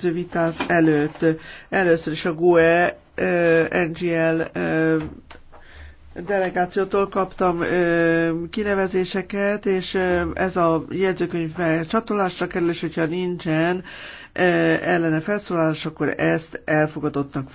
következő vitát előtt. Először is a GUE NGL delegációtól kaptam ö, kinevezéseket, és ö, ez a jegyzőkönyv csatolásra kerül, és hogyha nincsen ö, ellene felszólalás, akkor ezt elfogadottnak fog.